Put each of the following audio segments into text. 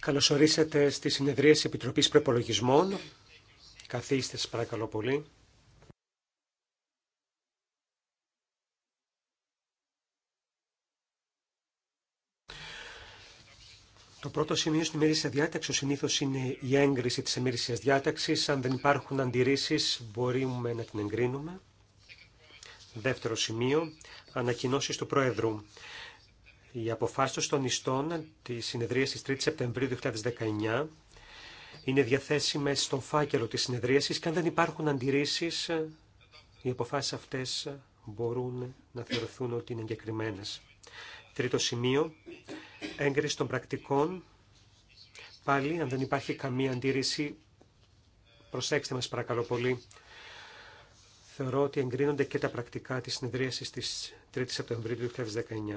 Καλωσορίσατε στη συνεδρία της Επιτροπής Προπολογισμών. Καθίστε σας παρακαλώ πολύ. Το πρώτο σημείο στην ημερήσια διάταξη συνήθω είναι η έγκριση της ημερήσιας διάταξης. Αν δεν υπάρχουν αντιρρήσεις μπορούμε να την εγκρίνουμε. Δεύτερο σημείο, ανακοινώσεις του Πρόεδρου. Οι αποφάσει των ιστών τη συνεδρίας της 3 Σεπτεμβρίου 2019 είναι διαθέσιμε στον φάκελο τη συνεδρίασης και αν δεν υπάρχουν αντιρρήσει, οι αποφάσει αυτέ μπορούν να θεωρηθούν ότι είναι εγκεκριμένε. Τρίτο σημείο, έγκριση των πρακτικών. Πάλι, αν δεν υπάρχει καμία αντίρρηση, προσέξτε μας παρακαλώ πολύ. Θεωρώ ότι εγκρίνονται και τα πρακτικά της συνεδρίασης της 3 Σεπτεμβρίου 2019.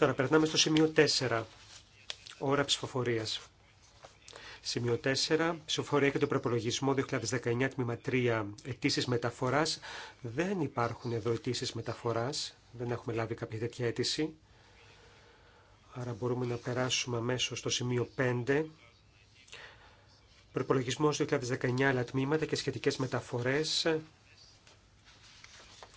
Τώρα περνάμε στο σημείο 4. Ώρα ψηφοφορία. Σημείο 4. Ψηφοφορία και το προπολογισμό 2019 τμήμα 3. Αιτήσει μεταφορά. Δεν υπάρχουν εδώ αιτήσει μεταφορά. Δεν έχουμε λάβει κάποια τέτοια αίτηση. Άρα μπορούμε να περάσουμε αμέσω στο σημείο 5. Προπολογισμό 2019 άλλα τμήματα και σχετικέ μεταφορέ.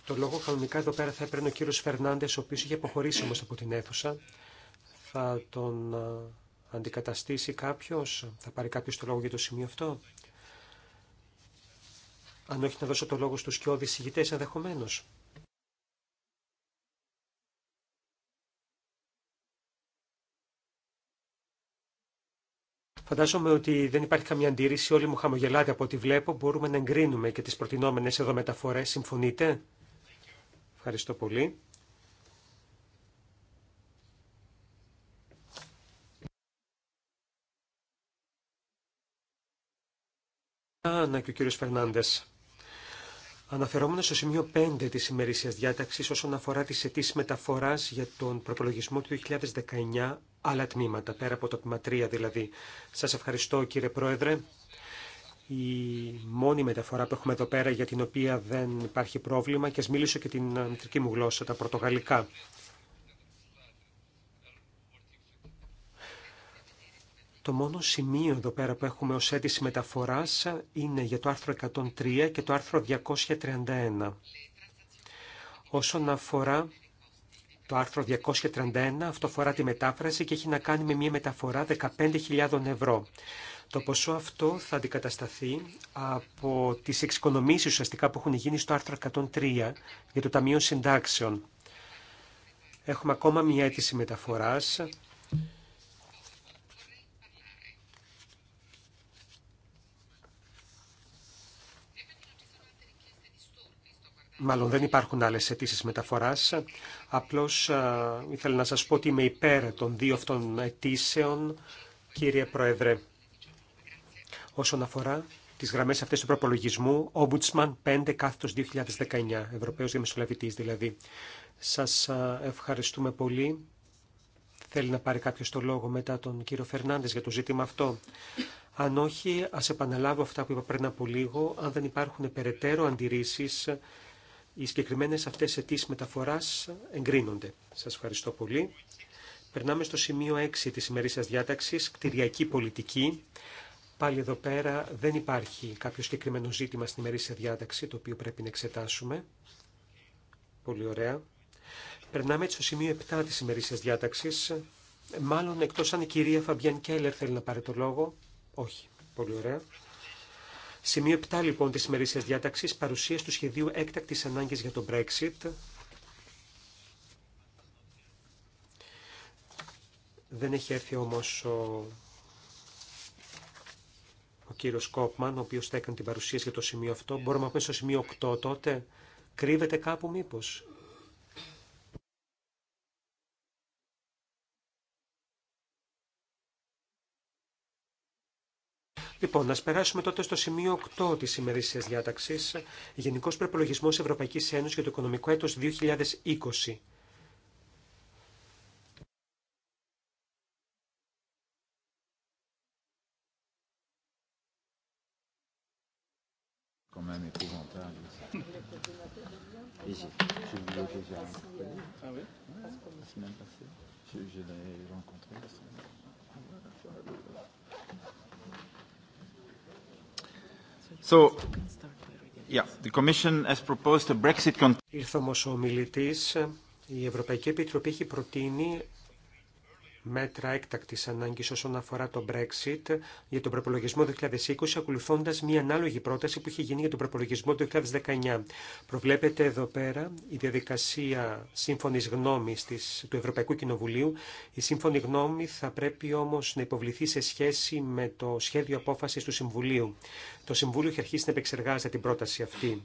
Το λόγο κανονικά εδώ πέρα θα έπαιρνε ο κύριος Φερνάντες, ο οποίος είχε αποχωρήσει όμως από την αίθουσα. Θα τον αντικαταστήσει κάποιος, θα πάρει κάποιος το λόγο για το σημείο αυτό. Αν όχι να δώσω το λόγο στους κοιόδης συγητές ενδεχομένω. Φαντάζομαι ότι δεν υπάρχει καμία αντίρρηση, όλοι μου χαμογελάτε από ό,τι βλέπω, μπορούμε να εγκρίνουμε και τις προτινόμενες εδώ μεταφορές, συμφωνείτε. Ευχαριστώ πολύ. Ανά και ο Φερνάντες. Αναφερόμενο στο σημείο 5 της ημερήσιας διάταξης όσον αφορά τις αιτήσει μεταφοράς για τον προπολογισμό του 2019, άλλα τμήματα, πέρα από το τμήμα 3 δηλαδή. Σας ευχαριστώ κύριε Πρόεδρε η μόνη μεταφορά που έχουμε εδώ πέρα για την οποία δεν υπάρχει πρόβλημα και ας μιλήσω και την ε, μητρική μου γλώσσα, τα πορτογαλικά. Το μόνο σημείο εδώ πέρα που έχουμε ως αίτηση μεταφοράς είναι για το άρθρο 103 και το άρθρο 231. Όσον αφορά το άρθρο 231, αυτό αφορά τη μετάφραση και έχει να κάνει με μια μεταφορά 15.000 ευρώ. Το ποσό αυτό θα αντικατασταθεί από τις εξοικονομήσεις ουσιαστικά που έχουν γίνει στο άρθρο 103 για το Ταμείο Συντάξεων. Έχουμε ακόμα μια αίτηση μεταφοράς. Μάλλον δεν υπάρχουν άλλες αιτήσει μεταφοράς. Απλώς ήθελα να σας πω ότι είμαι υπέρ των δύο αυτών αιτήσεων, κύριε Πρόεδρε όσον αφορά τις γραμμές αυτές του προπολογισμού, Ombudsman 5 κάθετος 2019, Ευρωπαίος Διαμεσολαβητής δηλαδή. Σας ευχαριστούμε πολύ. Θέλει να πάρει κάποιος το λόγο μετά τον κύριο Φερνάντε για το ζήτημα αυτό. Αν όχι, ας επαναλάβω αυτά που είπα πριν από λίγο. Αν δεν υπάρχουν περαιτέρω αντιρρήσεις, οι συγκεκριμένε αυτές αιτήσεις μεταφοράς εγκρίνονται. Σας ευχαριστώ πολύ. Περνάμε στο σημείο 6 της σα διάταξης, κτηριακή πολιτική, Πάλι εδώ πέρα δεν υπάρχει κάποιο συγκεκριμένο ζήτημα στην ημερήσια διάταξη το οποίο πρέπει να εξετάσουμε. Πολύ ωραία. Περνάμε έτσι στο σημείο 7 της ημερήσιας διάταξης. Μάλλον εκτός αν η κυρία Φαμπιάν Κέλλερ θέλει να πάρει το λόγο. Όχι. Πολύ ωραία. Σημείο 7 λοιπόν της ημερήσιας διάταξης, παρουσία του σχεδίου έκτακτης ανάγκης για το Brexit. Δεν έχει έρθει όμως ο ο κύριος Κόπμαν, ο οποίο θα έκανε την παρουσίαση για το σημείο αυτό. Μπορούμε να πούμε στο σημείο 8 τότε. Κρύβεται κάπου μήπως. Λοιπόν, να περάσουμε τότε στο σημείο 8 τη ημερήσια διάταξη. Γενικό Προπολογισμό Ευρωπαϊκή Ένωση για το Οικονομικό Έτο 2020. y a Ah oui La semaine passée. Je, je l'ai rencontré So, yeah, the Commission has proposed a Brexit Ήρθε όμως ο μιλητής. Η Ευρωπαϊκή Επιτροπή έχει προτείνει μέτρα έκτακτη ανάγκη όσον αφορά το Brexit για τον προπολογισμό 2020, ακολουθώντα μια ανάλογη πρόταση που είχε γίνει για τον προπολογισμό 2019. Προβλέπεται εδώ πέρα η διαδικασία σύμφωνη γνώμη του Ευρωπαϊκού Κοινοβουλίου. Η σύμφωνη γνώμη θα πρέπει όμω να υποβληθεί σε σχέση με το σχέδιο απόφαση του Συμβουλίου. Το Συμβούλιο έχει αρχίσει να επεξεργάζεται την πρόταση αυτή.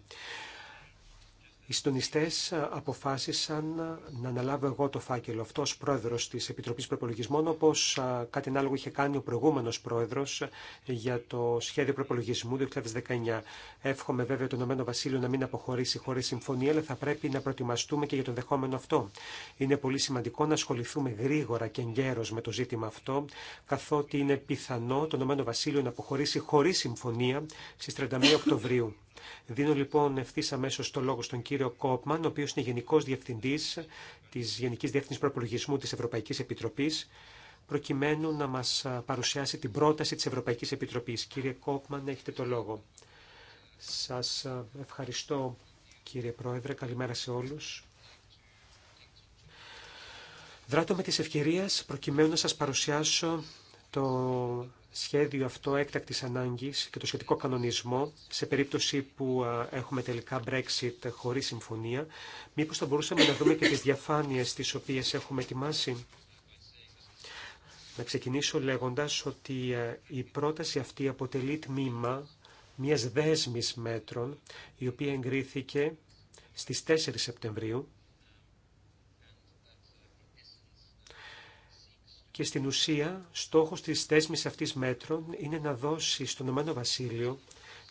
Οι συντονιστέ αποφάσισαν να αναλάβω εγώ το φάκελο αυτό ως πρόεδρος της Επιτροπής Προπολογισμών, όπως κάτι ανάλογο είχε κάνει ο προηγούμενος πρόεδρος για το σχέδιο προπολογισμού 2019. Εύχομαι βέβαια το Ηνωμένο Βασίλειο να μην αποχωρήσει χωρίς συμφωνία, αλλά θα πρέπει να προετοιμαστούμε και για το δεχόμενο αυτό. Είναι πολύ σημαντικό να ασχοληθούμε γρήγορα και εγκαίρω με το ζήτημα αυτό, καθότι είναι πιθανό το Ηνωμένο Βασίλειο να αποχωρήσει χωρίς συμφωνία στις 31 Οκτωβρίου. Δίνω λοιπόν ευθύ αμέσω το λόγο στον κύριο Κόπμαν, ο οποίο είναι Γενικό Διευθυντή τη Γενική Διεύθυνση Προπολογισμού τη Ευρωπαϊκή Επιτροπή, προκειμένου να μα παρουσιάσει την πρόταση τη Ευρωπαϊκή Επιτροπή. Κύριε Κόπμαν, έχετε το λόγο. Σα ευχαριστώ, κύριε Πρόεδρε. Καλημέρα σε όλου. Δράτω με τις ευκαιρία προκειμένου να σα παρουσιάσω το σχέδιο αυτό έκτακτης ανάγκης και το σχετικό κανονισμό σε περίπτωση που έχουμε τελικά Brexit χωρίς συμφωνία, μήπως θα μπορούσαμε να δούμε και τις διαφάνειες τις οποίες έχουμε ετοιμάσει. Να ξεκινήσω λέγοντας ότι η πρόταση αυτή αποτελεί τμήμα μιας δέσμης μέτρων, η οποία εγκρίθηκε στις 4 Σεπτεμβρίου Και στην ουσία, στόχος τη θέσμη αυτή μέτρων είναι να δώσει στον Ομένο Βασίλειο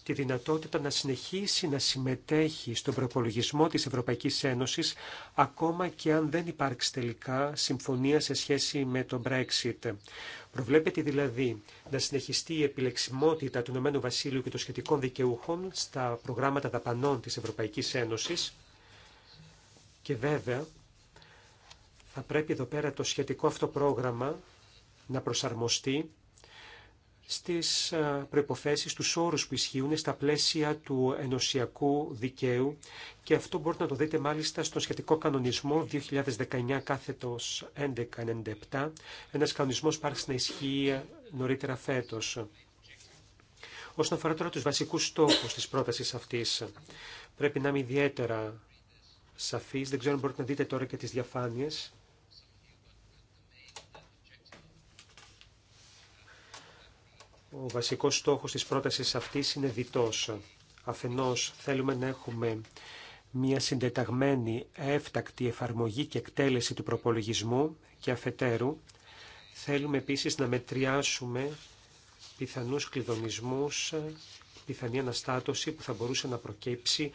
τη δυνατότητα να συνεχίσει να συμμετέχει στον προπολογισμό της Ευρωπαϊκής Ένωσης, ακόμα και αν δεν υπάρξει τελικά συμφωνία σε σχέση με το Brexit. Προβλέπεται δηλαδή να συνεχιστεί η επιλεξιμότητα του Ηνωμένου Βασίλειου και των σχετικών δικαιούχων στα προγράμματα δαπανών της Ευρωπαϊκής Ένωσης και βέβαια θα πρέπει εδώ πέρα το σχετικό αυτό πρόγραμμα να προσαρμοστεί στις ε, προϋποθέσεις, του όρους που ισχύουν στα πλαίσια του ενωσιακού δικαίου και αυτό μπορείτε να το δείτε μάλιστα στο σχετικό κανονισμό 2019 κάθετος 1197, ένας κανονισμός που άρχισε να ισχύει νωρίτερα φέτος. Όσον αφορά τώρα τους βασικούς στόχους της πρότασης αυτής, πρέπει να είμαι ιδιαίτερα σαφής, δεν ξέρω αν μπορείτε να δείτε τώρα και τις διαφάνειες. Ο βασικός στόχος της πρότασης αυτής είναι διτός. Αφενός θέλουμε να έχουμε μια συντεταγμένη έφτακτη εφαρμογή και εκτέλεση του προπολογισμού και αφετέρου. Θέλουμε επίσης να μετριάσουμε πιθανούς κλειδονισμούς πιθανή αναστάτωση που θα μπορούσε να προκύψει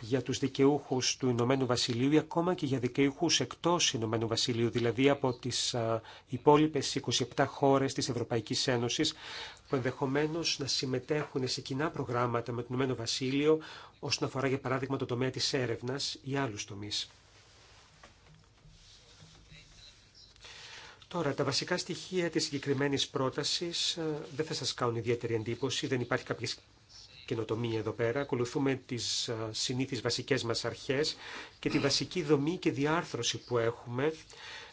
για τους δικαιούχους του Ηνωμένου Βασιλείου ή ακόμα και για δικαιούχους εκτός Ηνωμένου Βασιλείου, δηλαδή από τις υπόλοιπες 27 χώρες της Ευρωπαϊκής Ένωσης που ενδεχομένω να συμμετέχουν σε κοινά προγράμματα με το Ηνωμένο Βασίλειο όσον αφορά για παράδειγμα το τομέα της έρευνας ή άλλους τομείς. Τώρα, τα βασικά στοιχεία της συγκεκριμένη πρότασης ε, δεν θα σας κάνουν ιδιαίτερη εντύπωση, δεν υπάρχει κάποια καινοτομία εδώ πέρα. Ακολουθούμε τις συνήθεις βασικές μας αρχές και τη βασική δομή και διάρθρωση που έχουμε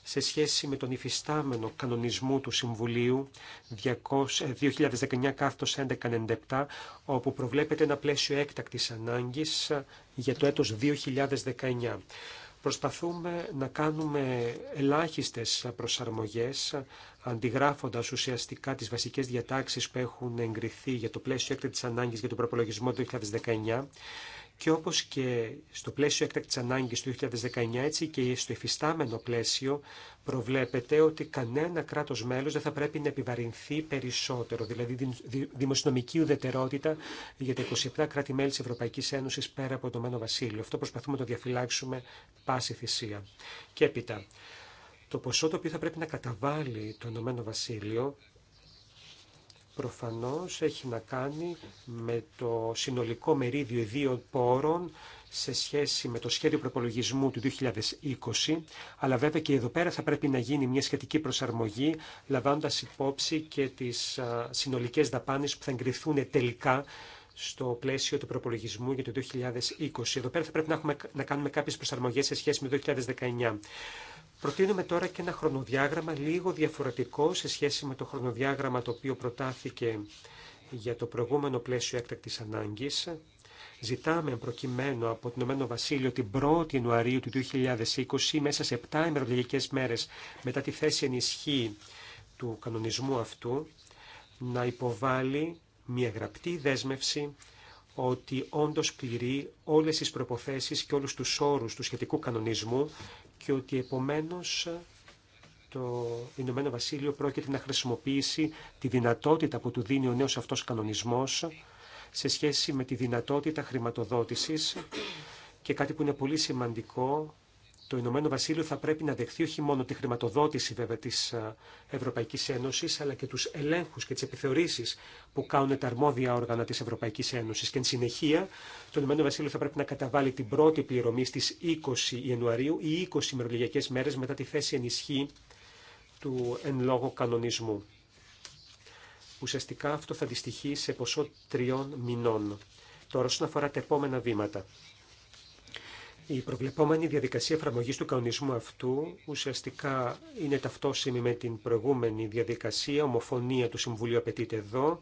σε σχέση με τον υφιστάμενο κανονισμό του Συμβουλίου 2019-1197, ε, όπου προβλέπεται ένα πλαίσιο έκτακτη ανάγκης ε, για το έτος 2019. Προσπαθούμε να κάνουμε ελάχιστες προσαρμογές, αντιγράφοντας ουσιαστικά τις βασικές διατάξεις που έχουν εγκριθεί για το πλαίσιο έκτακτης ανάγκης για τον προπολογισμό του 2019 και όπω και στο πλαίσιο έκτακτη ανάγκη του 2019, έτσι και στο εφιστάμενο πλαίσιο προβλέπεται ότι κανένα κράτος μέλος δεν θα πρέπει να επιβαρυνθεί περισσότερο, δηλαδή δημοσιονομική ουδετερότητα για τα 27 κράτη-μέλη της Ευρωπαϊκής Ένωσης πέρα από το Μένο Βασίλειο. Αυτό προσπαθούμε να το διαφυλάξουμε πάση θυσία. Και έπειτα, το ποσό το οποίο θα πρέπει να καταβάλει το Ηνωμένο Βασίλειο προφανώς έχει να κάνει με το συνολικό μερίδιο ιδίων πόρων σε σχέση με το σχέδιο προπολογισμού του 2020, αλλά βέβαια και εδώ πέρα θα πρέπει να γίνει μια σχετική προσαρμογή, λαμβάνοντας υπόψη και τις συνολικές δαπάνες που θα εγκριθούν τελικά στο πλαίσιο του προπολογισμού για το 2020. Εδώ πέρα θα πρέπει να, έχουμε, να κάνουμε κάποιες προσαρμογές σε σχέση με το 2019. Προτείνουμε τώρα και ένα χρονοδιάγραμμα λίγο διαφορετικό σε σχέση με το χρονοδιάγραμμα το οποίο προτάθηκε για το προηγούμενο πλαίσιο έκτακτης ανάγκης. Ζητάμε προκειμένου από το Ηνωμένο Βασίλειο την 1η Ιανουαρίου του 2020, μέσα σε 7 ημερολογικές μέρες μετά τη θέση ενισχύ του κανονισμού αυτού, να υποβάλει μια γραπτή δέσμευση ότι όντως πληρεί όλες τις προποθέσεις και όλους τους όρους του σχετικού κανονισμού και ότι επομένως το Ηνωμένο Βασίλειο πρόκειται να χρησιμοποιήσει τη δυνατότητα που του δίνει ο νέος αυτός κανονισμός σε σχέση με τη δυνατότητα χρηματοδότησης και κάτι που είναι πολύ σημαντικό το Ηνωμένο Βασίλειο θα πρέπει να δεχθεί όχι μόνο τη χρηματοδότηση βέβαια της ε, Ευρωπαϊκής Ένωσης, αλλά και τους ελέγχους και τις επιθεωρήσεις που κάνουν τα αρμόδια όργανα της Ευρωπαϊκής Ένωσης. Και εν συνεχεία, το Ηνωμένο Βασίλειο θα πρέπει να καταβάλει την πρώτη πληρωμή στις 20 Ιανουαρίου ή 20 ημερολογιακές μέρες μετά τη θέση ενισχύ του εν λόγω κανονισμού. Ουσιαστικά αυτό θα αντιστοιχεί σε ποσό τριών μηνών. Τώρα, όσον αφορά τα επόμενα βήματα, η προβλεπόμενη διαδικασία εφαρμογή του κανονισμού αυτού ουσιαστικά είναι ταυτόσιμη με την προηγούμενη διαδικασία. Ομοφωνία του Συμβουλίου απαιτείται εδώ.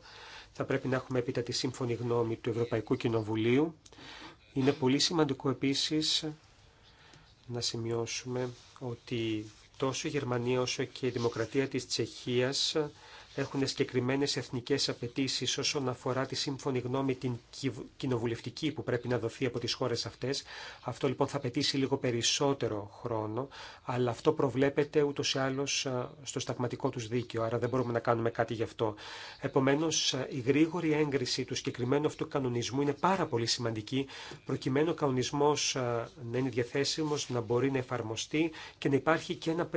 Θα πρέπει να έχουμε έπειτα τη σύμφωνη γνώμη του Ευρωπαϊκού Κοινοβουλίου. Είναι πολύ σημαντικό επίσης να σημειώσουμε ότι τόσο η Γερμανία όσο και η Δημοκρατία της Τσεχίας έχουν συγκεκριμένε εθνικέ απαιτήσει όσον αφορά τη σύμφωνη γνώμη την κοινοβουλευτική που πρέπει να δοθεί από τι χώρε αυτέ. Αυτό λοιπόν θα απαιτήσει λίγο περισσότερο χρόνο, αλλά αυτό προβλέπεται ούτω ή άλλω στο σταγματικό του δίκαιο, άρα δεν μπορούμε να κάνουμε κάτι γι' αυτό. Επομένω, η γρήγορη έγκριση του συγκεκριμένου αυτού κανονισμού είναι πάρα πολύ σημαντική, προκειμένου ο κανονισμό να είναι διαθέσιμο, να μπορεί να εφαρμοστεί και να υπάρχει και ένα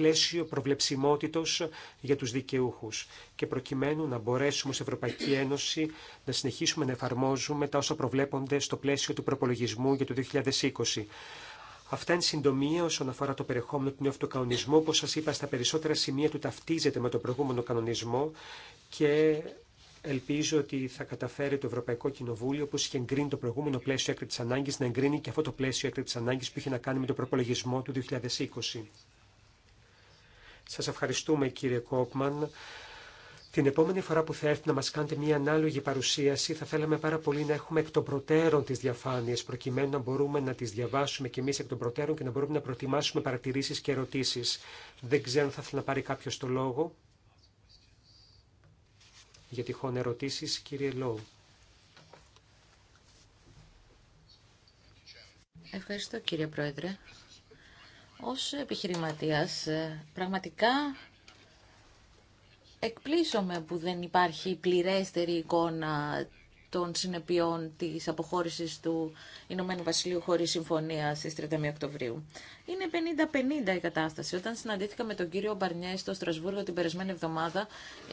πλαίσιο προβλεψιμότητος για τους δικαιούχους και προκειμένου να μπορέσουμε ως Ευρωπαϊκή Ένωση να συνεχίσουμε να εφαρμόζουμε τα όσα προβλέπονται στο πλαίσιο του προπολογισμού για το 2020. Αυτά είναι συντομία όσον αφορά το περιεχόμενο του νέου αυτοκανονισμού. Όπω σα είπα, στα περισσότερα σημεία του ταυτίζεται με τον προηγούμενο κανονισμό και ελπίζω ότι θα καταφέρει το Ευρωπαϊκό Κοινοβούλιο, όπω είχε εγκρίνει το προηγούμενο πλαίσιο τη ανάγκη, να εγκρίνει και αυτό το πλαίσιο τη ανάγκη που είχε να κάνει με τον προπολογισμό του 2020. Σας ευχαριστούμε κύριε Κόπμαν. Την επόμενη φορά που θα έρθει να μας κάνετε μια ανάλογη παρουσίαση θα θέλαμε πάρα πολύ να έχουμε εκ των προτέρων τις διαφάνειες προκειμένου να μπορούμε να τις διαβάσουμε και εμείς εκ των προτέρων και να μπορούμε να προετοιμάσουμε παρατηρήσεις και ερωτήσεις. Δεν ξέρω αν θα ήθελα να πάρει κάποιο το λόγο για τυχόν ερωτήσεις κύριε Λόου. Ευχαριστώ κύριε Πρόεδρε. Ως επιχειρηματίας ε, πραγματικά εκπλήσωμαι που δεν υπάρχει πληρέστερη εικόνα των συνεπειών της αποχώρησης του Ηνωμένου Βασιλείου χωρίς συμφωνία στις 31 Οκτωβρίου. Είναι 50-50 η κατάσταση. Όταν συναντήθηκα με τον κύριο Μπαρνιέ στο Στρασβούργο την περασμένη εβδομάδα,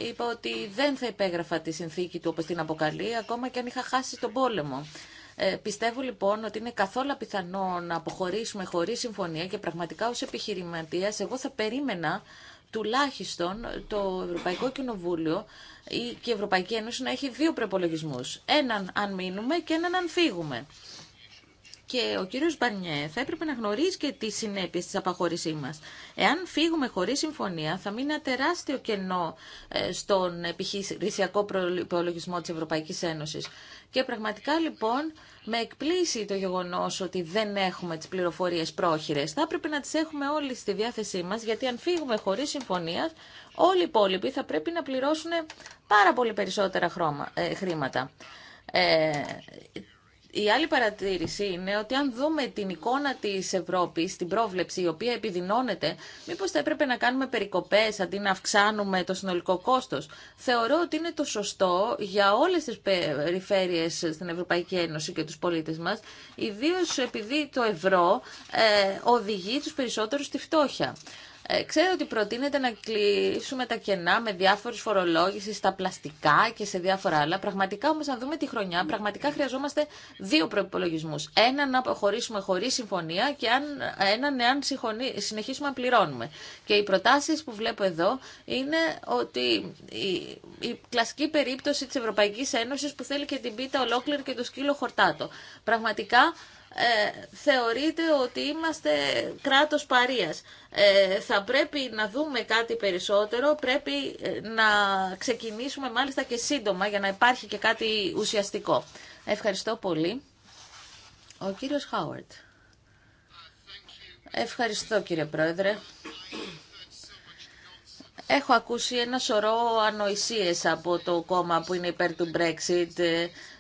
είπα ότι δεν θα υπέγραφα τη συνθήκη του όπως την αποκαλεί, ακόμα και αν είχα χάσει τον πόλεμο. Ε, πιστεύω λοιπόν ότι είναι καθόλου πιθανό να αποχωρήσουμε χωρί συμφωνία και πραγματικά ως επιχειρηματία εγώ θα περίμενα τουλάχιστον το Ευρωπαϊκό Κοινοβούλιο ή και η Ευρωπαϊκή Ένωση να έχει δύο προπολογισμού. Έναν αν μείνουμε και έναν αν φύγουμε και ο κύριος Μπαρνιέ θα έπρεπε να γνωρίζει και τις συνέπειες της απαχώρησή μας. Εάν φύγουμε χωρίς συμφωνία θα μείνει ένα τεράστιο κενό ε, στον επιχειρησιακό προλογισμό της Ευρωπαϊκής Ένωσης. Και πραγματικά λοιπόν με εκπλήσει το γεγονός ότι δεν έχουμε τις πληροφορίες πρόχειρες. Θα έπρεπε να τις έχουμε όλοι στη διάθεσή μας γιατί αν φύγουμε χωρίς συμφωνία όλοι οι υπόλοιποι θα πρέπει να πληρώσουν πάρα πολύ περισσότερα ε, χρήματα. Ε, η άλλη παρατήρηση είναι ότι αν δούμε την εικόνα της Ευρώπης, την πρόβλεψη η οποία επιδεινώνεται, μήπως θα έπρεπε να κάνουμε περικοπές αντί να αυξάνουμε το συνολικό κόστος. Θεωρώ ότι είναι το σωστό για όλες τις περιφέρειες στην Ευρωπαϊκή Ένωση και τους πολίτες μας, ιδίω επειδή το ευρώ ε, οδηγεί του περισσότερους στη φτώχεια. Ε, ξέρω ότι προτείνεται να κλείσουμε τα κενά με διάφορες φορολόγηση στα πλαστικά και σε διάφορα άλλα. Πραγματικά όμως αν δούμε τη χρονιά, πραγματικά χρειαζόμαστε δύο προπολογισμού. Έναν να αποχωρήσουμε χωρίς συμφωνία και έναν εάν συνεχίσουμε να πληρώνουμε. Και οι προτάσεις που βλέπω εδώ είναι ότι η, η κλασική περίπτωση της Ευρωπαϊκής Ένωσης που θέλει και την πίτα ολόκληρη και το σκύλο χορτάτο. Πραγματικά ε, θεωρείται ότι είμαστε κράτος παρίας; ε, θα πρέπει να δούμε κάτι περισσότερο, πρέπει ε, να ξεκινήσουμε μάλιστα και σύντομα για να υπάρχει και κάτι ουσιαστικό. Ευχαριστώ πολύ. Ο κύριος Χάουαρτ. Ευχαριστώ κύριε Πρόεδρε. Έχω ακούσει ένα σωρό ανοησίες από το κόμμα που είναι υπέρ του Brexit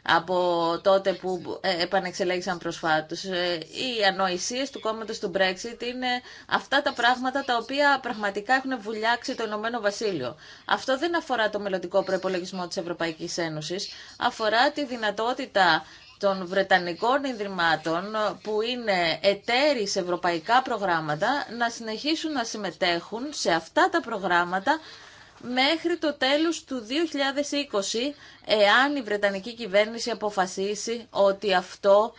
από τότε που ε, επανεξελέγησαν προσφάτως. Ε, οι ανοησίες του κόμματος του Brexit είναι αυτά τα πράγματα τα οποία πραγματικά έχουν βουλιάξει το Ηνωμένο Βασίλειο. Αυτό δεν αφορά το μελλοντικό προπολογισμό της Ευρωπαϊκής Ένωσης, αφορά τη δυνατότητα των Βρετανικών Ιδρυμάτων που είναι εταίροι σε ευρωπαϊκά προγράμματα να συνεχίσουν να συμμετέχουν σε αυτά τα προγράμματα μέχρι το τέλος του 2020 εάν η Βρετανική κυβέρνηση αποφασίσει ότι αυτό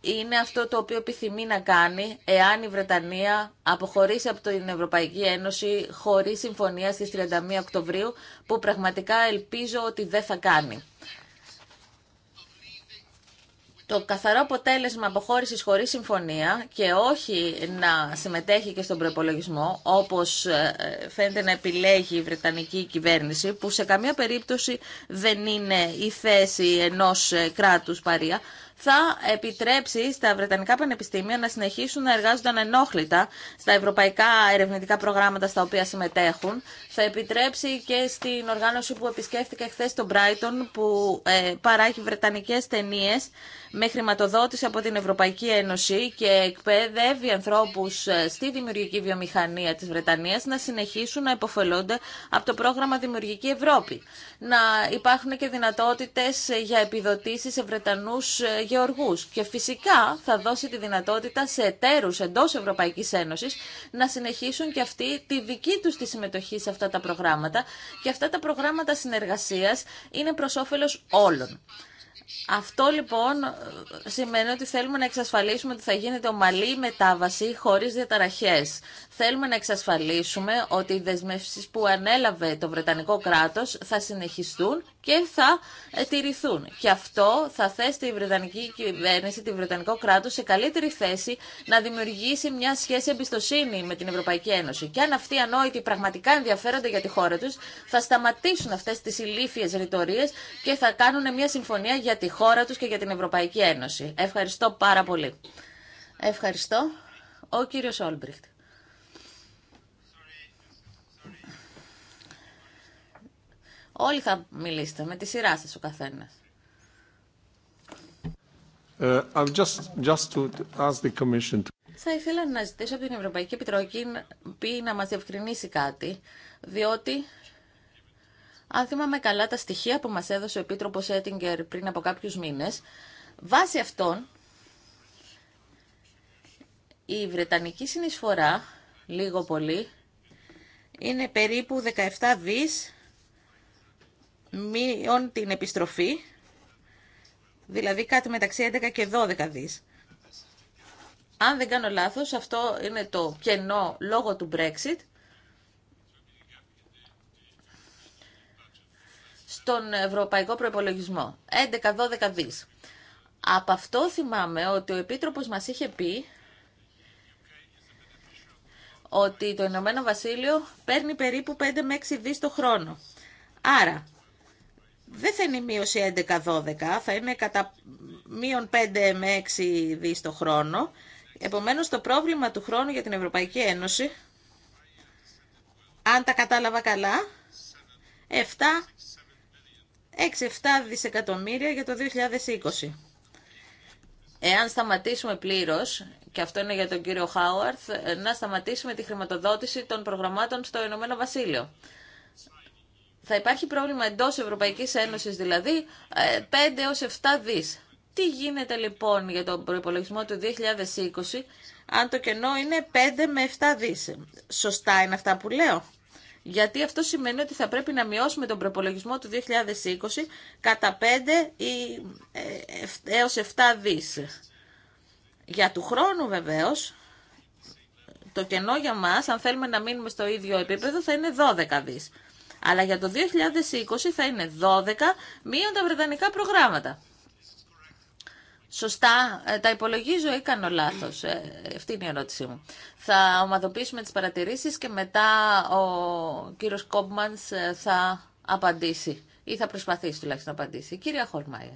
είναι αυτό το οποίο επιθυμεί να κάνει εάν η Βρετανία αποχωρήσει από την Ευρωπαϊκή Ένωση χωρίς συμφωνία στις 31 Οκτωβρίου που πραγματικά ελπίζω ότι δεν θα κάνει το καθαρό αποτέλεσμα αποχώρησης χωρίς συμφωνία και όχι να συμμετέχει και στον προπολογισμό, όπως ε, ε, φαίνεται να επιλέγει η Βρετανική κυβέρνηση, που σε καμία περίπτωση δεν είναι η θέση ενός ε, κράτους παρία, θα επιτρέψει στα Βρετανικά πανεπιστήμια να συνεχίσουν να εργάζονται ανενόχλητα στα ευρωπαϊκά ερευνητικά προγράμματα στα οποία συμμετέχουν. Θα επιτρέψει και στην οργάνωση που επισκέφτηκα χθε στο Brighton που ε, παράγει βρετανικές ταινίε με χρηματοδότηση από την Ευρωπαϊκή Ένωση και εκπαιδεύει ανθρώπου ε, στη δημιουργική βιομηχανία τη Βρετανία να συνεχίσουν να υποφελούνται από το πρόγραμμα Δημιουργική Ευρώπη. Να υπάρχουν και δυνατότητε ε, για επιδοτήσει σε Βρετανού ε, γεωργούς και φυσικά θα δώσει τη δυνατότητα σε εταίρους εντός Ευρωπαϊκής Ένωσης να συνεχίσουν και αυτοί τη δική τους τη συμμετοχή σε αυτά τα προγράμματα και αυτά τα προγράμματα συνεργασίας είναι προς όφελος όλων. Αυτό λοιπόν σημαίνει ότι θέλουμε να εξασφαλίσουμε ότι θα γίνεται ομαλή μετάβαση χωρίς διαταραχές θέλουμε να εξασφαλίσουμε ότι οι δεσμεύσεις που ανέλαβε το Βρετανικό κράτος θα συνεχιστούν και θα ε, τηρηθούν. Και αυτό θα θέσει τη Βρετανική κυβέρνηση, τη Βρετανικό κράτος σε καλύτερη θέση να δημιουργήσει μια σχέση εμπιστοσύνη με την Ευρωπαϊκή Ένωση. Και αν αυτοί οι ανόητοι πραγματικά ενδιαφέρονται για τη χώρα τους, θα σταματήσουν αυτές τις ηλίφιες ρητορίε και θα κάνουν μια συμφωνία για τη χώρα τους και για την Ευρωπαϊκή Ένωση. Ευχαριστώ πάρα πολύ. Ευχαριστώ. Ο κύριος Όλμπριχτ. Όλοι θα μιλήσετε με τη σειρά σας ο καθένας. Ε, just, just to ask the Θα ήθελα να ζητήσω από την Ευρωπαϊκή Επιτροπή να μας διευκρινίσει κάτι, διότι αν θυμάμαι καλά τα στοιχεία που μας έδωσε ο Επίτροπος Έτιγκερ πριν από κάποιους μήνες, βάσει αυτών η Βρετανική συνεισφορά, λίγο πολύ, είναι περίπου 17 δις μείον την επιστροφή, δηλαδή κάτι μεταξύ 11 και 12 δις. Αν δεν κάνω λάθος, αυτό είναι το κενό λόγω του Brexit στον ευρωπαϊκό προπολογισμό. 11-12 δις. Από αυτό θυμάμαι ότι ο Επίτροπος μας είχε πει ότι το Ηνωμένο Βασίλειο παίρνει περίπου 5 με 6 δις το χρόνο. Άρα, δεν θα είναι μείωση 11-12, θα είναι κατά μείον 5 με 6 δις το χρόνο. Επομένως το πρόβλημα του χρόνου για την Ευρωπαϊκή Ένωση, αν τα κατάλαβα καλά, 7, 6-7 δισεκατομμύρια για το 2020. Εάν σταματήσουμε πλήρως, και αυτό είναι για τον κύριο Χάουαρθ, να σταματήσουμε τη χρηματοδότηση των προγραμμάτων στο Ηνωμένο Βασίλειο. Θα υπάρχει πρόβλημα εντό Ευρωπαϊκή Ένωση δηλαδή 5 έω 7 δι. Τι γίνεται λοιπόν για τον προπολογισμό του 2020 αν το κενό είναι 5 με 7 δι. Σωστά είναι αυτά που λέω. Γιατί αυτό σημαίνει ότι θα πρέπει να μειώσουμε τον προπολογισμό του 2020 κατά 5 ή ε, έως 7 δις. Για του χρόνου βεβαίως, το κενό για μας, αν θέλουμε να μείνουμε στο ίδιο επίπεδο, θα είναι 12 δις αλλά για το 2020 θα είναι 12 μείον τα βρετανικά προγράμματα. Σωστά, ε, τα υπολογίζω ή κάνω λάθο. Ε, αυτή είναι η ερώτησή μου. Θα ομαδοποιήσουμε τι παρατηρήσει και μετά ο κύριο Κόμπμαν ε, θα απαντήσει ή θα προσπαθήσει τουλάχιστον να απαντήσει. Κυρία Χολμάιερ.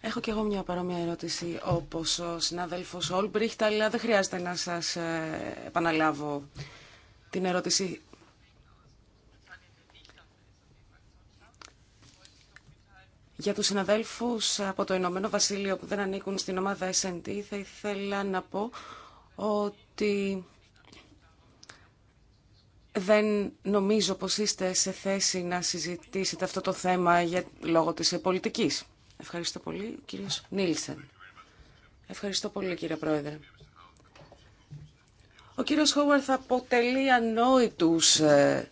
Έχω και εγώ μια παρόμοια ερώτηση όπως ο συνάδελφος Όλμπριχτ, αλλά δεν χρειάζεται να σας επαναλάβω την ερώτηση. Για τους συναδέλφους από το Ηνωμένο Βασίλειο που δεν ανήκουν στην ομάδα S&D θα ήθελα να πω ότι δεν νομίζω πως είστε σε θέση να συζητήσετε αυτό το θέμα για, λόγω της πολιτικής. Ευχαριστώ πολύ, κύριος Νίλσεν. Ευχαριστώ πολύ, κύριε Πρόεδρε. Ο κύριος Χόουαρ θα αποτελεί ανόητους ε,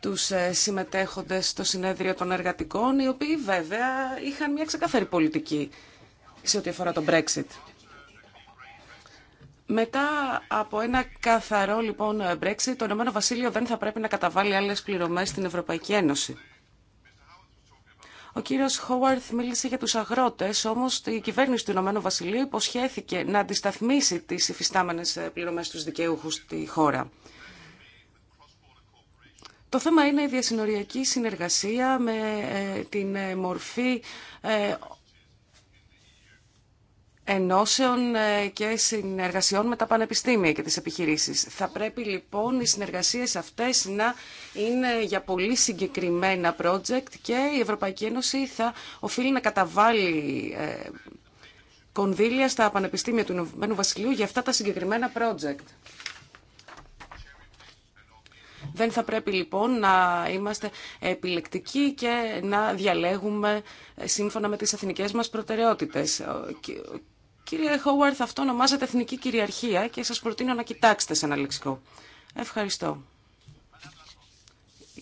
τους ε, συμμετέχοντες στο συνέδριο των εργατικών, οι οποίοι βέβαια είχαν μια ξεκάθαρη πολιτική σε ό,τι αφορά τον Brexit. Μετά από ένα καθαρό λοιπόν Brexit, το Ηνωμένο Βασίλειο δεν θα πρέπει να καταβάλει άλλες πληρωμές στην Ευρωπαϊκή Ένωση. Ο κύριο Χόουαρθ μίλησε για τους αγρότες, όμως η κυβέρνηση του Ηνωμένου Βασιλείου υποσχέθηκε να αντισταθμίσει τις υφιστάμενε ε, πληρωμές του δικαιούχου στη χώρα. Το θέμα είναι η διασυνοριακή συνεργασία με ε, την ε, μορφή ενώσεων ε, και συνεργασιών με τα πανεπιστήμια και τις επιχειρήσεις. Θα πρέπει λοιπόν οι συνεργασίες αυτές να είναι για πολύ συγκεκριμένα project και η Ευρωπαϊκή Ένωση θα οφείλει να καταβάλει ε, κονδύλια στα πανεπιστήμια του Ηνωμένου Βασιλείου για αυτά τα συγκεκριμένα project. Δεν θα πρέπει λοιπόν να είμαστε επιλεκτικοί και να διαλέγουμε ε, σύμφωνα με τις εθνικές μας προτεραιότητες. Κύριε Χόουαρθ, αυτό ονομάζεται εθνική κυριαρχία και σας προτείνω να κοιτάξετε σε ένα λεξικό. Ευχαριστώ.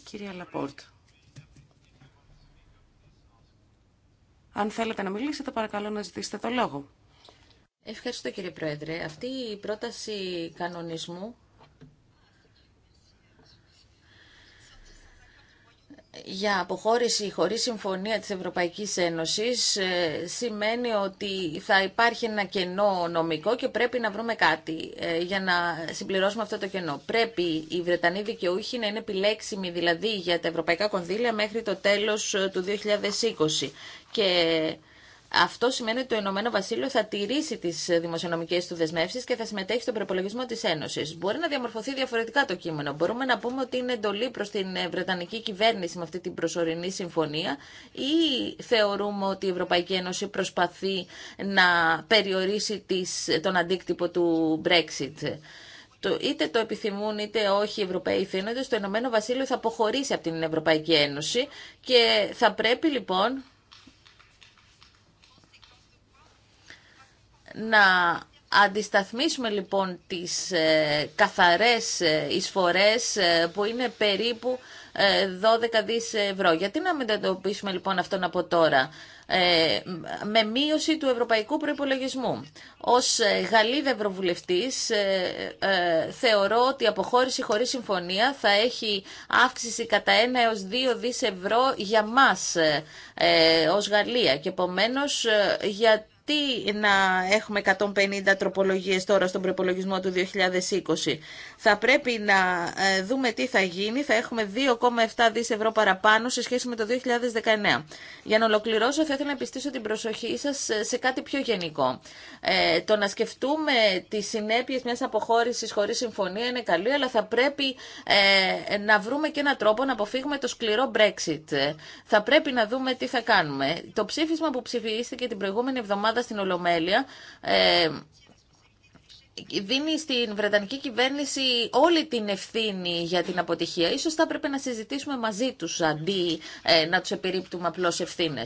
Κύριε Λαπόρτ. Αν θέλετε να μιλήσετε, παρακαλώ να ζητήσετε το λόγο. Ευχαριστώ κύριε Πρόεδρε. Αυτή η πρόταση κανονισμού για αποχώρηση χωρίς συμφωνία της Ευρωπαϊκής Ένωσης ε, σημαίνει ότι θα υπάρχει ένα κενό νομικό και πρέπει να βρούμε κάτι ε, για να συμπληρώσουμε αυτό το κενό. Πρέπει οι Βρετανοί δικαιούχοι να είναι επιλέξιμοι δηλαδή για τα ευρωπαϊκά κονδύλια μέχρι το τέλος ε, του 2020 και αυτό σημαίνει ότι το Ηνωμένο Βασίλειο θα τηρήσει τι δημοσιονομικέ του δεσμεύσει και θα συμμετέχει στον προπολογισμό τη Ένωση. Μπορεί να διαμορφωθεί διαφορετικά το κείμενο. Μπορούμε να πούμε ότι είναι εντολή προ την Βρετανική κυβέρνηση με αυτή την προσωρινή συμφωνία ή θεωρούμε ότι η Ευρωπαϊκή Ένωση προσπαθεί να περιορίσει τις, τον αντίκτυπο του Brexit. Το, είτε το επιθυμούν είτε όχι οι Ευρωπαίοι φαίνονται, το Ηνωμένο Βασίλειο θα αποχωρήσει από την Ευρωπαϊκή Ένωση και θα πρέπει λοιπόν να αντισταθμίσουμε λοιπόν τις ε, καθαρές ε, εισφορές ε, που είναι περίπου 12 δις ευρώ. Γιατί να μετατοπίσουμε λοιπόν αυτόν από τώρα με μείωση του ευρωπαϊκού προϋπολογισμού. Ως Γαλλίδα Ευρωβουλευτής θεωρώ ότι η αποχώρηση χωρίς συμφωνία θα έχει αύξηση κατά 1 έως 2 δις ευρώ για μας ως Γαλλία και επομένως για γιατί να έχουμε 150 τροπολογίες τώρα στον προπολογισμό του 2020. Θα πρέπει να ε, δούμε τι θα γίνει. Θα έχουμε 2,7 δις ευρώ παραπάνω σε σχέση με το 2019. Για να ολοκληρώσω θα ήθελα να επιστήσω την προσοχή σας σε κάτι πιο γενικό. Ε, το να σκεφτούμε τις συνέπειες μιας αποχώρησης χωρίς συμφωνία είναι καλή, αλλά θα πρέπει ε, να βρούμε και έναν τρόπο να αποφύγουμε το σκληρό Brexit. Θα πρέπει να δούμε τι θα κάνουμε. Το ψήφισμα που ψηφίστηκε την προηγούμενη εβδομάδα στην Ολομέλεια ε, δίνει στην Βρετανική κυβέρνηση όλη την ευθύνη για την αποτυχία. Ίσως θα έπρεπε να συζητήσουμε μαζί τους αντί ε, να τους επιρρύπτουμε απλώς ευθύνε.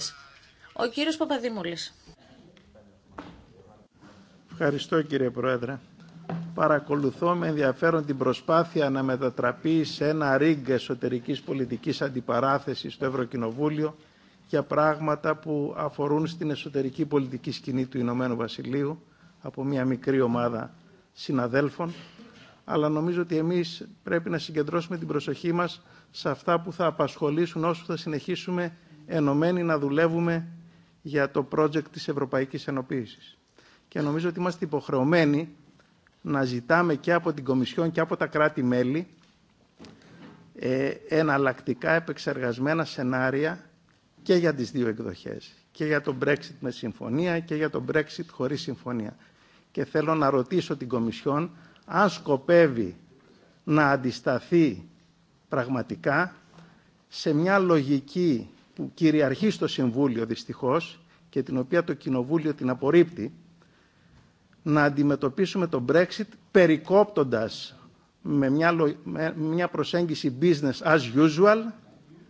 Ο κύριος Παπαδημούλης. Ευχαριστώ κύριε Πρόεδρε. Παρακολουθώ με ενδιαφέρον την προσπάθεια να μετατραπεί σε ένα ρίγκ εσωτερικής πολιτικής αντιπαράθεσης στο Ευρωκοινοβούλιο για πράγματα που αφορούν στην εσωτερική πολιτική σκηνή του Ηνωμένου Βασιλείου από μια μικρή ομάδα συναδέλφων, αλλά νομίζω ότι εμείς πρέπει να συγκεντρώσουμε την προσοχή μας σε αυτά που θα απασχολήσουν όσο θα συνεχίσουμε ενωμένοι να δουλεύουμε για το project της Ευρωπαϊκής Ενοποίησης. Και νομίζω ότι είμαστε υποχρεωμένοι να ζητάμε και από την Κομισιόν και από τα κράτη-μέλη ε, εναλλακτικά επεξεργασμένα σενάρια και για τις δύο εκδοχές. Και για το Brexit με συμφωνία και για το Brexit χωρίς συμφωνία. Και θέλω να ρωτήσω την Κομισιόν αν σκοπεύει να αντισταθεί πραγματικά σε μια λογική που κυριαρχεί στο Συμβούλιο δυστυχώς και την οποία το Κοινοβούλιο την απορρίπτει, να αντιμετωπίσουμε το Brexit περικόπτοντας με μια, με μια προσέγγιση business as usual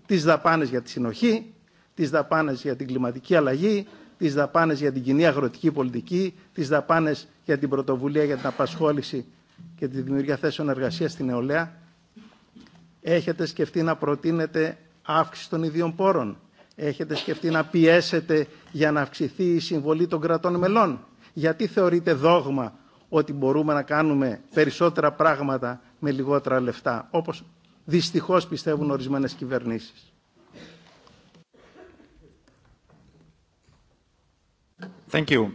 τις δαπάνες για τη συνοχή, τις δαπάνες για την κλιματική αλλαγή, τις δαπάνες για την κοινή αγροτική πολιτική, τις δαπάνες για την πρωτοβουλία για την απασχόληση και τη δημιουργία θέσεων εργασία στην νεολαία. Έχετε σκεφτεί να προτείνετε αύξηση των ιδίων πόρων. Έχετε σκεφτεί να πιέσετε για να αυξηθεί η συμβολή των κρατών μελών. Γιατί θεωρείτε δόγμα ότι μπορούμε να κάνουμε περισσότερα πράγματα με λιγότερα λεφτά, όπως δυστυχώς πιστεύουν ορισμένες κυβερνήσεις. Thank you.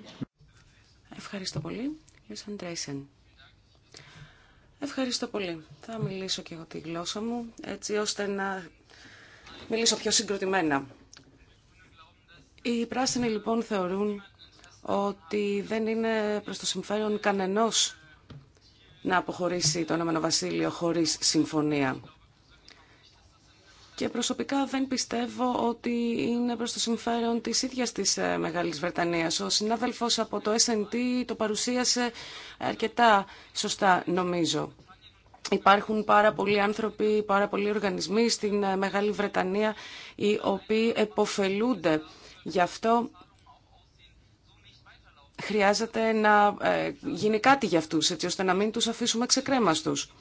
Ευχαριστώ πολύ. Ευχαριστώ πολύ. Θα μιλήσω και εγώ τη γλώσσα μου, έτσι ώστε να μιλήσω πιο συγκροτημένα. Οι πράσινοι λοιπόν θεωρούν ότι δεν είναι προς το συμφέρον κανενός να αποχωρήσει το Ηνωμένο Βασίλειο χωρίς συμφωνία και προσωπικά δεν πιστεύω ότι είναι προς το συμφέρον της ίδιας της ε, Μεγάλης Βρετανίας. Ο συνάδελφος από το S&T το παρουσίασε αρκετά σωστά νομίζω. Υπάρχουν πάρα πολλοί άνθρωποι, πάρα πολλοί οργανισμοί στην ε, Μεγάλη Βρετανία οι οποίοι εποφελούνται. Γι' αυτό χρειάζεται να ε, γίνει κάτι για αυτούς, έτσι ώστε να μην τους αφήσουμε ξεκρέμαστους.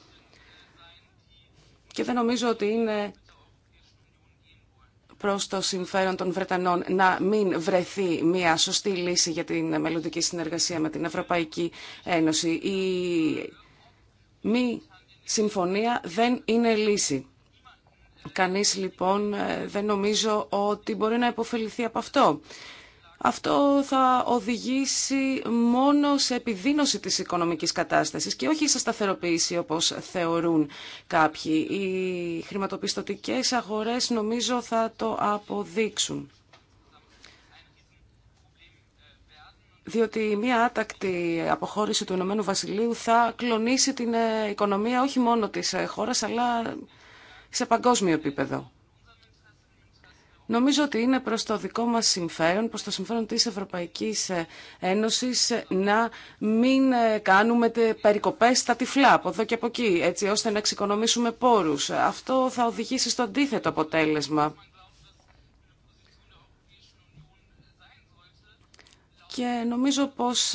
Και δεν νομίζω ότι είναι προς το συμφέρον των Βρετανών να μην βρεθεί μια σωστή λύση για την μελλοντική συνεργασία με την Ευρωπαϊκή Ένωση. Η μη συμφωνία δεν είναι λύση. Κανείς λοιπόν ε, δεν νομίζω ότι μπορεί να υποφεληθεί από αυτό αυτό θα οδηγήσει μόνο σε επιδείνωση της οικονομικής κατάστασης και όχι σε σταθεροποίηση όπως θεωρούν κάποιοι. Οι χρηματοπιστωτικές αγορές νομίζω θα το αποδείξουν. διότι μια άτακτη αποχώρηση του Ηνωμένου Βασιλείου θα κλονίσει την ε, οικονομία όχι μόνο της ε, χώρας αλλά σε παγκόσμιο επίπεδο. Νομίζω ότι είναι προς το δικό μας συμφέρον, προς το συμφέρον της Ευρωπαϊκής ε, Ένωσης ε, να μην ε, κάνουμε περικοπές στα τυφλά από εδώ και από εκεί, έτσι ώστε να εξοικονομήσουμε πόρους. Αυτό θα οδηγήσει στο αντίθετο αποτέλεσμα. Και νομίζω πως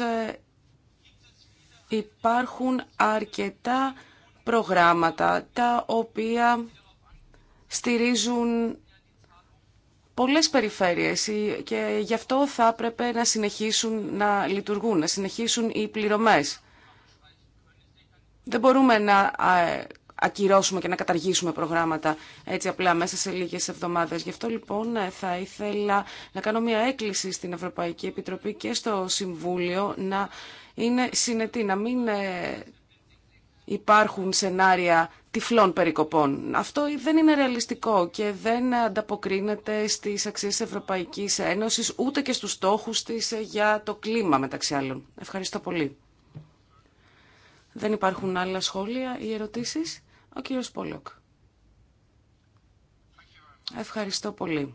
υπάρχουν αρκετά προγράμματα τα οποία στηρίζουν πολλές περιφέρειες και γι' αυτό θα έπρεπε να συνεχίσουν να λειτουργούν, να συνεχίσουν οι πληρωμές. Δεν μπορούμε να ακυρώσουμε και να καταργήσουμε προγράμματα έτσι απλά μέσα σε λίγες εβδομάδες. Γι' αυτό λοιπόν ε, θα ήθελα να κάνω μια έκκληση στην Ευρωπαϊκή Επιτροπή και στο Συμβούλιο να είναι συνετή, να μην ε, υπάρχουν σενάρια τυφλών περικοπών. Αυτό δεν είναι ρεαλιστικό και δεν ανταποκρίνεται στις αξίες της Ευρωπαϊκής Ένωσης ούτε και στους στόχους της για το κλίμα μεταξύ άλλων. Ευχαριστώ πολύ. Δεν υπάρχουν άλλα σχόλια ή ερωτήσεις. Ο κύριος Πόλοκ. Ευχαριστώ πολύ.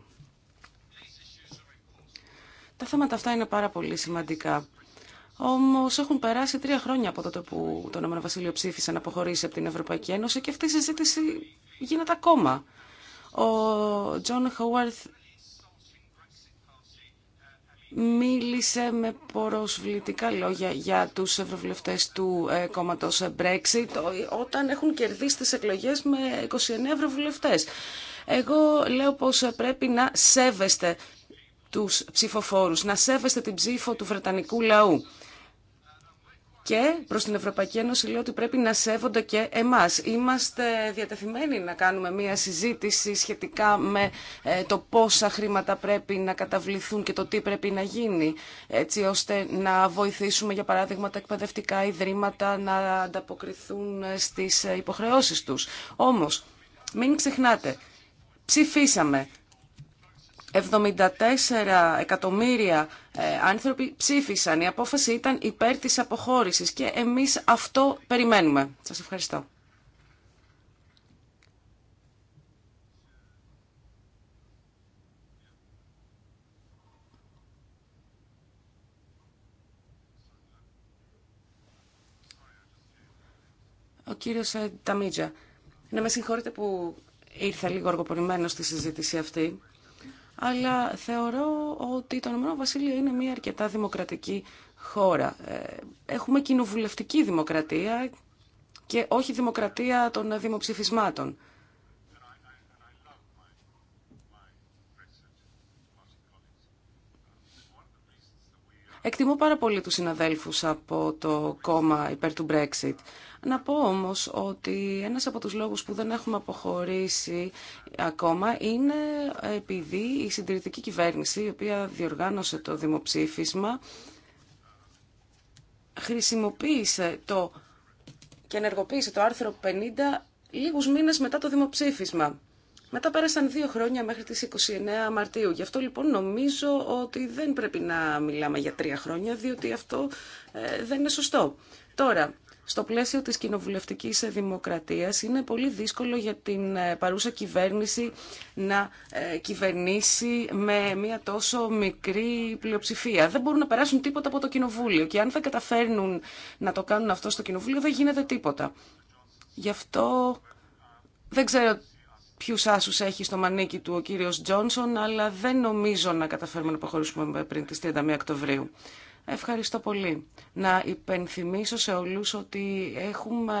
Τα θέματα αυτά είναι πάρα πολύ σημαντικά. Όμω έχουν περάσει τρία χρόνια από τότε που το Ηνωμένο Βασίλειο ψήφισε να αποχωρήσει από την Ευρωπαϊκή Ένωση και αυτή η συζήτηση γίνεται ακόμα. Ο Τζον Χόουαρθ μίλησε με προσβλητικά λόγια για τους ευρωβουλευτές του ε, κόμματος Brexit όταν έχουν κερδίσει τις εκλογές με 29 ευρωβουλευτές. Εγώ λέω πως πρέπει να σέβεστε τους ψηφοφόρους, να σέβεστε την ψήφο του Βρετανικού λαού και προς την Ευρωπαϊκή Ένωση λέω ότι πρέπει να σέβονται και εμάς. Είμαστε διατεθειμένοι να κάνουμε μία συζήτηση σχετικά με ε, το πόσα χρήματα πρέπει να καταβληθούν και το τι πρέπει να γίνει, έτσι ώστε να βοηθήσουμε, για παράδειγμα, τα εκπαιδευτικά ιδρύματα να ανταποκριθούν ε, στις ε, υποχρεώσεις τους. Όμως, μην ξεχνάτε, ψηφίσαμε 74 εκατομμύρια ε, άνθρωποι ψήφισαν. Η απόφαση ήταν υπέρ της αποχώρησης και εμείς αυτό περιμένουμε. Σας ευχαριστώ. Ο κύριος ε, Ταμίτζα, να με συγχωρείτε που ήρθα λίγο αργόπορημένος στη συζήτηση αυτή αλλά θεωρώ ότι το Ηνωμένο Βασίλειο είναι μια αρκετά δημοκρατική χώρα. Ε, έχουμε κοινοβουλευτική δημοκρατία και όχι δημοκρατία των δημοψηφισμάτων. Εκτιμώ πάρα πολύ τους συναδέλφους από το κόμμα υπέρ του Brexit. Να πω όμως ότι ένας από τους λόγους που δεν έχουμε αποχωρήσει ακόμα είναι επειδή η συντηρητική κυβέρνηση, η οποία διοργάνωσε το δημοψήφισμα, χρησιμοποίησε το και ενεργοποίησε το άρθρο 50 λίγους μήνες μετά το δημοψήφισμα. Μετά πέρασαν δύο χρόνια μέχρι τις 29 Μαρτίου. Γι' αυτό λοιπόν νομίζω ότι δεν πρέπει να μιλάμε για τρία χρόνια, διότι αυτό ε, δεν είναι σωστό. Τώρα, στο πλαίσιο της κοινοβουλευτικής δημοκρατίας είναι πολύ δύσκολο για την ε, παρούσα κυβέρνηση να ε, κυβερνήσει με μια τόσο μικρή πλειοψηφία. Δεν μπορούν να περάσουν τίποτα από το κοινοβούλιο και αν δεν καταφέρνουν να το κάνουν αυτό στο κοινοβούλιο δεν γίνεται τίποτα. Γι' αυτό δεν ξέρω ποιους άσους έχει στο μανίκι του ο κύριος Τζόνσον, αλλά δεν νομίζω να καταφέρουμε να προχωρήσουμε πριν τις 31 Οκτωβρίου. Ευχαριστώ πολύ. Να υπενθυμίσω σε όλους ότι έχουμε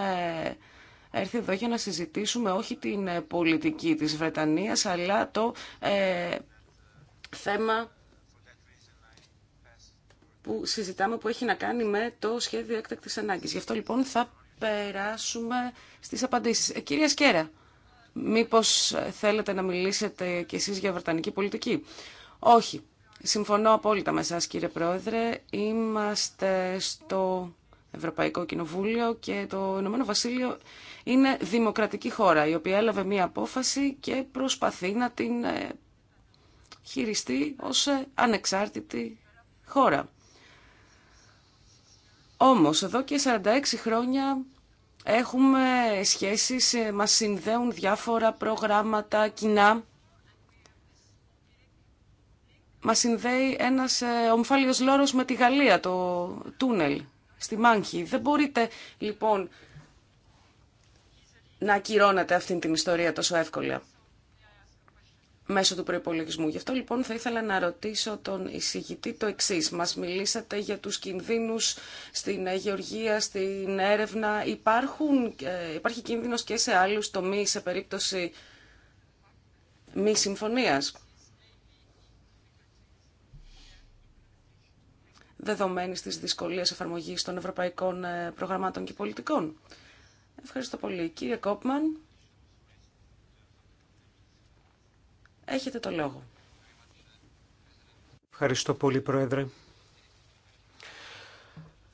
έρθει εδώ για να συζητήσουμε όχι την ε, πολιτική της Βρετανίας, αλλά το ε, θέμα που συζητάμε που έχει να κάνει με το σχέδιο έκτακτης ανάγκης. Γι' αυτό λοιπόν θα περάσουμε στις απαντήσεις. Ε, κυρία Σκέρα μήπως θέλετε να μιλήσετε κι εσείς για βρετανική πολιτική. Όχι. Συμφωνώ απόλυτα με εσάς κύριε Πρόεδρε. Είμαστε στο Ευρωπαϊκό Κοινοβούλιο και το Ηνωμένο Βασίλειο είναι δημοκρατική χώρα η οποία έλαβε μία απόφαση και προσπαθεί να την ε, χειριστεί ως ε, ανεξάρτητη χώρα. Όμως εδώ και 46 χρόνια έχουμε σχέσεις, ε, μας συνδέουν διάφορα προγράμματα κοινά. Μας συνδέει ένας ε, ομφάλιος λόρος με τη Γαλλία, το τούνελ στη Μάνχη. Δεν μπορείτε λοιπόν να ακυρώνετε αυτή την ιστορία τόσο εύκολα μέσω του προπολογισμού. Γι' αυτό λοιπόν θα ήθελα να ρωτήσω τον εισηγητή το εξή. Μας μιλήσατε για τους κινδύνους στην ε, γεωργία, στην έρευνα. Υπάρχουν, ε, υπάρχει κίνδυνο και σε άλλου τομείς σε περίπτωση μη συμφωνίας. Δεδομένη της δυσκολίας εφαρμογής των ευρωπαϊκών ε, προγραμμάτων και πολιτικών. Ευχαριστώ πολύ. Κύριε Κόπμαν. Έχετε το λόγο. Ευχαριστώ πολύ, Πρόεδρε.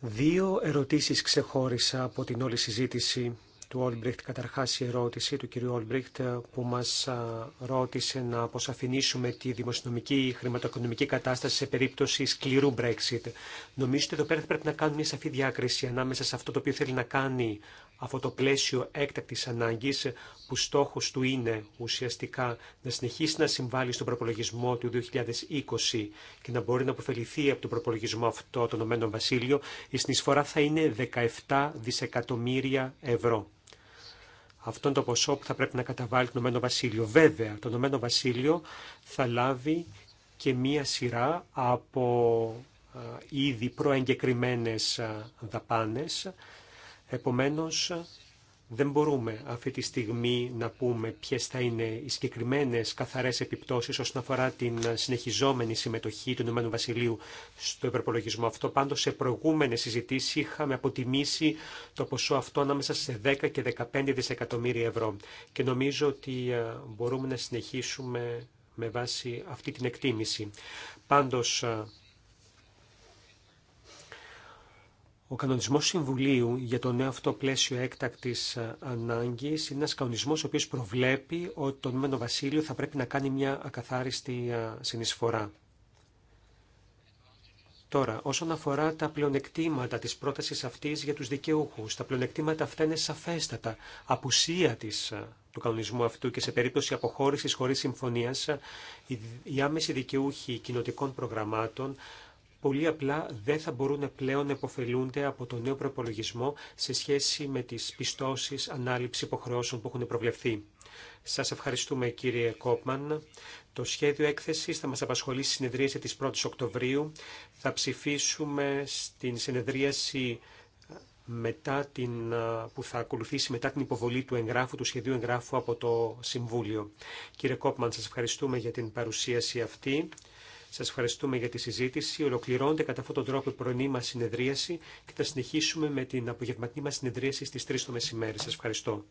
Δύο ερωτήσεις ξεχώρισα από την όλη συζήτηση του Όλμπριχτ. Καταρχάς η ερώτηση του κυρίου Όλμπριχτ ε, που μας ρώτησε να αποσαφηνίσουμε τη δημοσιονομική χρηματοοικονομική κατάσταση σε περίπτωση σκληρού Brexit. Νομίζω ότι εδώ πέρα θα πρέπει να κάνουμε μια σαφή διάκριση ανάμεσα σε αυτό το οποίο θέλει να κάνει αυτό το πλαίσιο έκτακτης ανάγκης που στόχος του είναι ουσιαστικά να συνεχίσει να συμβάλλει στον προπολογισμό του 2020 και να μπορεί να αποφεληθεί από τον προπολογισμό αυτό το Νομένο Βασίλειο, η συνεισφορά θα είναι 17 δισεκατομμύρια ευρώ. Αυτό είναι το ποσό που θα πρέπει να καταβάλει το Ηνωμένο Βασίλειο. Βέβαια, το Ηνωμένο Βασίλειο θα λάβει και μία σειρά από ε, ήδη προεγκεκριμένες ε, δαπάνες Επομένως, δεν μπορούμε αυτή τη στιγμή να πούμε ποιες θα είναι οι συγκεκριμένες καθαρές επιπτώσεις όσον αφορά την συνεχιζόμενη συμμετοχή του Ηνωμένου Βασιλείου στο υπερπολογισμό αυτό. Πάντως σε προηγούμενες συζητήσεις είχαμε αποτιμήσει το ποσό αυτό ανάμεσα σε 10 και 15 δισεκατομμύρια ευρώ και νομίζω ότι ε, μπορούμε να συνεχίσουμε με βάση αυτή την εκτίμηση. Πάντως ε, Ο κανονισμός Συμβουλίου για το νέο αυτό πλαίσιο έκτακτης ε, ανάγκης είναι ένα κανονισμό ο οποίος προβλέπει ότι το Ηνωμένο Βασίλειο θα πρέπει να κάνει μια ακαθάριστη ε, συνεισφορά. Τώρα, όσον αφορά τα πλεονεκτήματα της πρότασης αυτής για τους δικαιούχους, τα πλεονεκτήματα αυτά είναι σαφέστατα. Απουσία της, ε, του κανονισμού αυτού και σε περίπτωση αποχώρησης χωρίς συμφωνίας, οι, οι άμεση δικαιούχοι κοινοτικών προγραμμάτων πολύ απλά δεν θα μπορούν πλέον να υποφελούνται από το νέο προπολογισμό σε σχέση με τις πιστώσεις ανάληψη υποχρεώσεων που έχουν προβλεφθεί. Σας ευχαριστούμε κύριε Κόπμαν. Το σχέδιο έκθεσης θα μας απασχολήσει στη συνεδρίαση της 1ης Οκτωβρίου. Θα ψηφίσουμε στην συνεδρίαση μετά την, που θα ακολουθήσει μετά την υποβολή του εγγράφου, του σχεδίου εγγράφου από το Συμβούλιο. Κύριε Κόπμαν, σας ευχαριστούμε για την παρουσίαση αυτή. Σας ευχαριστούμε για τη συζήτηση. Ολοκληρώνεται κατά αυτόν τον τρόπο η πρωινή μα συνεδρίαση και θα συνεχίσουμε με την απογευματινή μας συνεδρίαση στις 3 το μεσημέρι. Σας ευχαριστώ.